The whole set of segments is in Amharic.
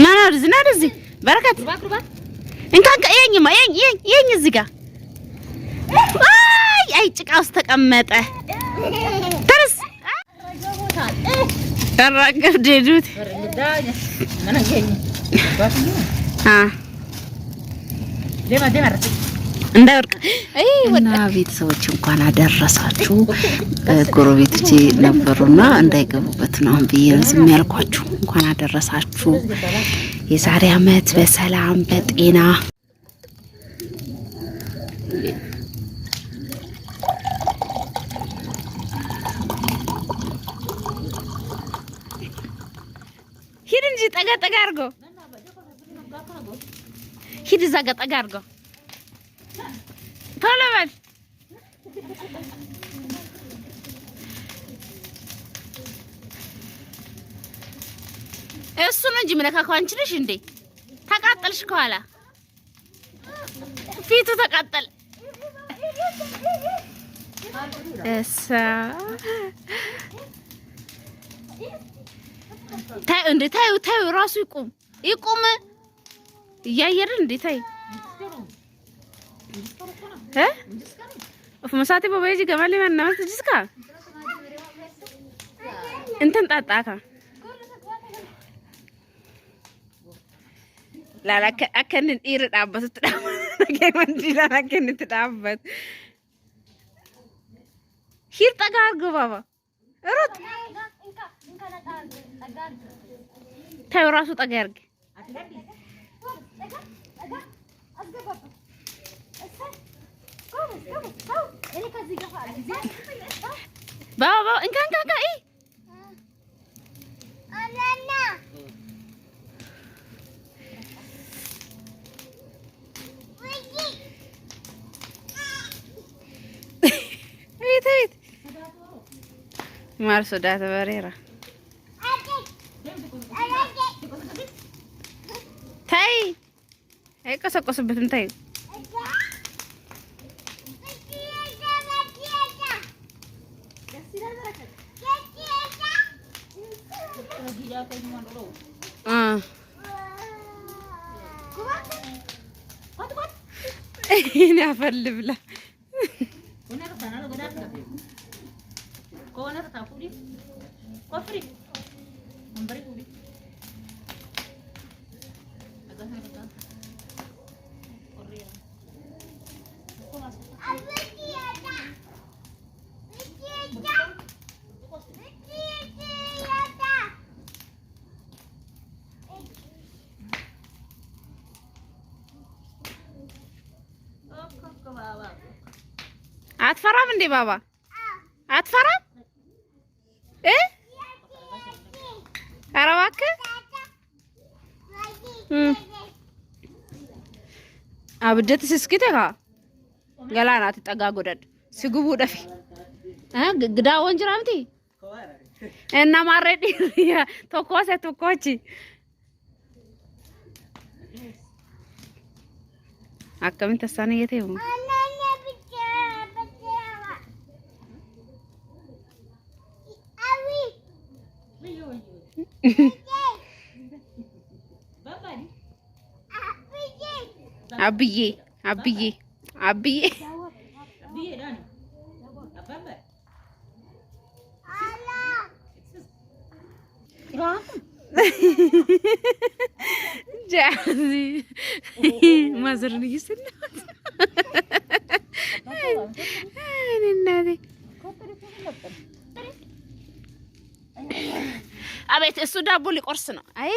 ናናርዝ ናርዝ በረከት እንካንካ ይሄኝማ ይሄኝ ይሄኝ እዚህ ጋር አይ አይ ጭቃ ውስጥ ተቀመጠ። ተርስ ተራገፍ ደዱት አ እንዳይወርቅ እና ቤተሰቦች እንኳን አደረሳችሁ። ጎረቤቶቼ ነበሩና እንዳይገቡበት ነው አሁን ብዬ ዝም ያልኳችሁ። እንኳን አደረሳችሁ የዛሬ አመት በሰላም በጤና ሂድ እንጂ ጠጋ ጠጋ አድርጎ ሂድ እዛ ጋ ጠጋ አድርጎ ቶሎ በል እሱ ነው እንጂ ምነካከው አንቺ ነሽ እንዴ? ተቃጠልሽ። ከኋላ ፊቱ ተቃጠል። እሳ ታይ ታዩ ታዩ፣ ራሱ ይቁም ይቁም። እያየርን እንዴ! ታይ हैं मसाते बाबा जी गमा लेवा नमस्ते जिसका እንትን ጣጣ ካ laala akka akka inni dhiirri dhaabbatutti dhaabbatu wandiilaan akka inni itti dhaabbatu. Hiir dhagaa argu baaba. Root. Tayo raasuu dhagaa arge. ባባ እንካ እንካ እንካ እይ ማር በሬራ ታይ አይቆሰቆስበትም ታይ ይሄን አፈር ልብላ። አትፈራም እንዴ ባባ? አትፈራም እ ኧረ እባክህ አብደት ስስኪተ ገላና ትጠጋ ጎደድ ሲጉቡ ደፊ እ ግዳ ወንጅራምቲ እና ማረዲ ቶኮሰ ቶኮቺ አከምን ተሳነ የቴው አብዬ አብዬ አብዬ ጃዚ ማዘርን እየሰናት አቤት እሱ ዳቦ ሊቆርስ ነው። አይ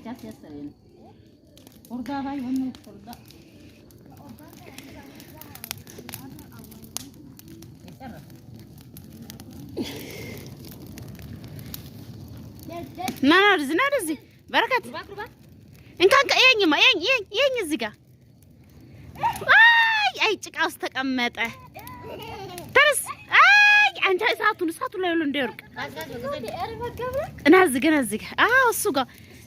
ና ወደዚህ በረከት እንካንካ ይኸኝማ ይኸኝ እዚህ ጋር አይ አይ ጭቃ ውስጥ ተቀመጠ። ተነስ አይ አንተ እሳቱን እሳቱን ላይ ሁሉ እንዳይወርቅ እና እዚህ ጋር እሱ ጋር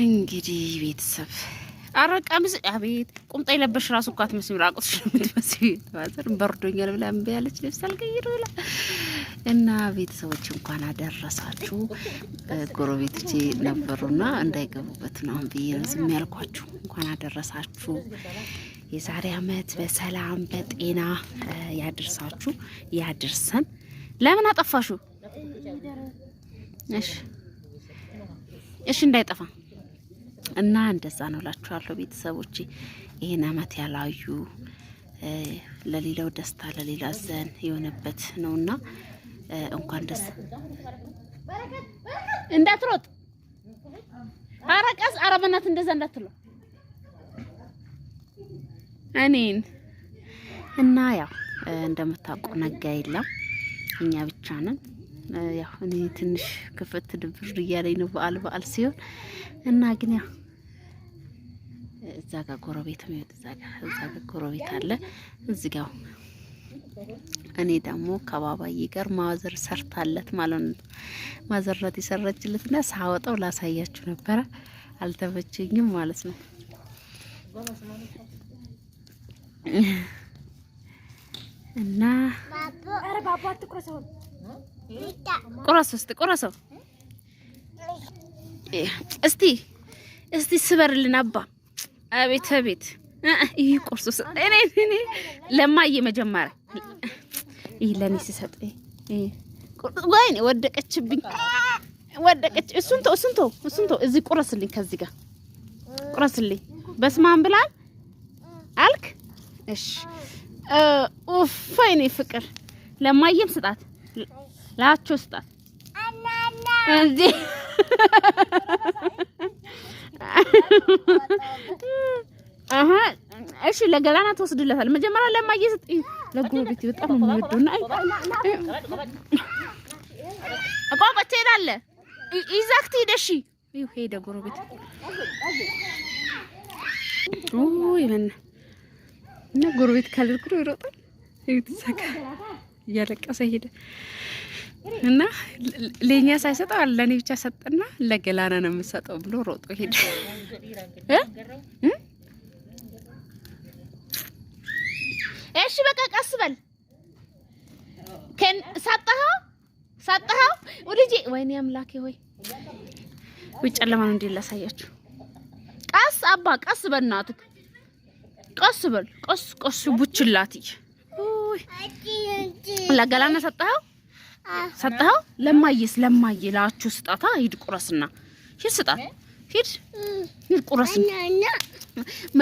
እንግዲህ ቤተሰብ ኧረ ቀሚስ አቤት ቁምጣ የለበሽ ራሱ እኮ አትመስም። ራቁትሽ ነው የምትመስይው። ማዘር በርዶኛል ብላ እምቢ ያለች ልብስ አልቀይር ብላ እና ቤተሰቦች እንኳን አደረሳችሁ። ጎረቤቶቼ ነበሩና እንዳይገቡበት ነው ብዬ ነው ዝም ያልኳችሁ። እንኳን አደረሳችሁ። የዛሬ አመት በሰላም በጤና ያድርሳችሁ ያድርሰን። ለምን አጠፋሹ? እሺ እሺ፣ እንዳይጠፋ እና እንደዛ ነው ላችኋለሁ ቤተሰቦቼ። ይሄን አመት ያላዩ ለሌላው ደስታ ለሌላ ዘን የሆነበት ነውና እንኳን ደስ እንዳትሮጥ አረቀስ አረበናት እንደዛ እንዳትለው እኔን እና ያው እንደምታውቀው ነጋ የለም እኛ ብቻ ነን። ያው እኔ ትንሽ ክፍት ድብር እያለኝ ነው በዓል በዓል ሲሆን እና ግን ያው እዛ ጋ ጎረቤት ነው እዛ ጋ ጎረቤት አለ እዚ እኔ ደግሞ ከባባዬ ጋር ማዘር ሰርታለት ማለት ነው። ማዘራት የሰራችለትና ሳወጣው ላሳያችሁ ነበረ አልተመቸኝም ማለት ነው። እና ቁረሱ እስቲ ቁረሱ እስቲ እስቲ ስበርልን አባ አቤት አቤት ይህ ቁርሱ ለማየ መጀመሪያ ይህ ለእኔ ሲሰጥ ወይኔ ወደቀችብኝ ወደቀች እሱን ተው እሱን ተው እሱን ተው እዚህ ቁረስልኝ ከዚህ ጋር ቁረስልኝ በስመ አብ ብላል አልክ እሺ ኡፍ አይኔ ፍቅር ለማየም ስጣት፣ ላቾ ስጣት። እንዴ አሀ እሺ፣ ለገላና ተወስድለታል። መጀመሪያ ለማየ ስጥኝ። ለጎረቤት በጣም ነው የሚወደውና አቋቋ ትሄዳለህ። ይዛህ ትሄደ። እሺ ይሄ ሄደ ጎረቤት ኦ ይለና እና ጎረቤት ካልርኩዶ ይሮጣል ይተሰካ እያለቀሰ ሄደ እና ለኛ ሳይሰጠው ለኔ ብቻ ሰጠና ለገላና ነው የምሰጠው ብሎ ሮጦ ሄደ። እሺ በቃ ቀስ በል ከን ሰጠኸው ሰጠኸው ወልጄ ወይኔ አምላኬ ሆይ ወይ ጨለማ ነው እንዴ ላሳያችሁ ቀስ አባ ቀስ በእናትህ ቀስ በል ቀስ ቀስ ቡችላት ለገላና ሰጠኸው ሰጠኸው ለማየስ ለማየ ላችሁ ስጣታ ሂድ ቁረስና ሂድ ስጣት ሂድ ሂድ ቁረስ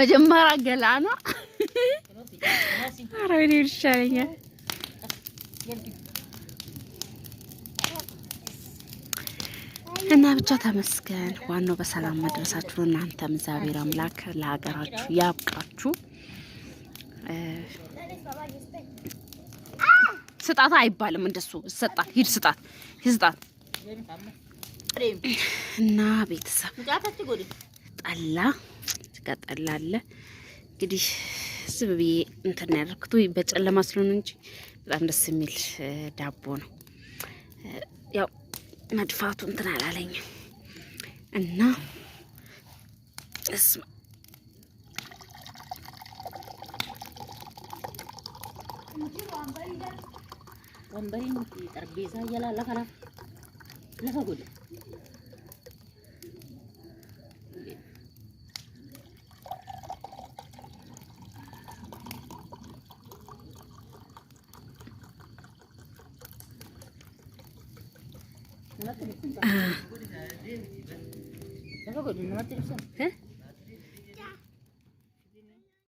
መጀመሪያ ገላና አረ ይሻለኛል እና ብቻ ተመስገን። ዋናው በሰላም መድረሳችሁ ነው። እናንተም እግዚአብሔር አምላክ ለሀገራችሁ ያብቃችሁ። ስጣት አይባልም እንደሱ ይሰጣል። ሂድ ስጣት፣ ሂድ ስጣት እና ቤተሰብ ጠላ ጠላ አለ እንግዲህ ዝም ብዬ እንትን ያደርኩት በጨለማ ስለሆነ እንጂ በጣም ደስ የሚል ዳቦ ነው ያው መድፋቱ እንትን አላለኝም እና ወንበሬ ጠረጴዛ እያለ ለፈራ ለፈጎደ ああ。